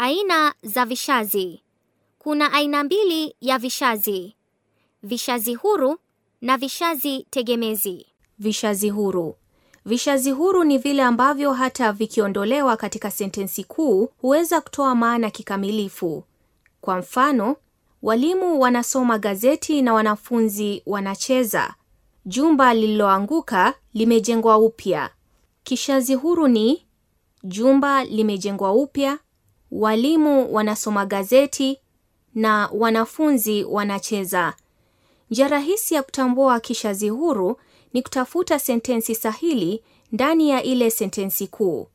Aina za vishazi. Kuna aina mbili ya vishazi: vishazi huru na vishazi tegemezi. Vishazi huru. Vishazi huru ni vile ambavyo hata vikiondolewa katika sentensi kuu huweza kutoa maana kikamilifu. Kwa mfano, walimu wanasoma gazeti na wanafunzi wanacheza. Jumba lililoanguka limejengwa upya. Kishazi huru ni jumba limejengwa upya walimu wanasoma gazeti na wanafunzi wanacheza. Njia rahisi ya kutambua kishazi huru ni kutafuta sentensi sahili ndani ya ile sentensi kuu.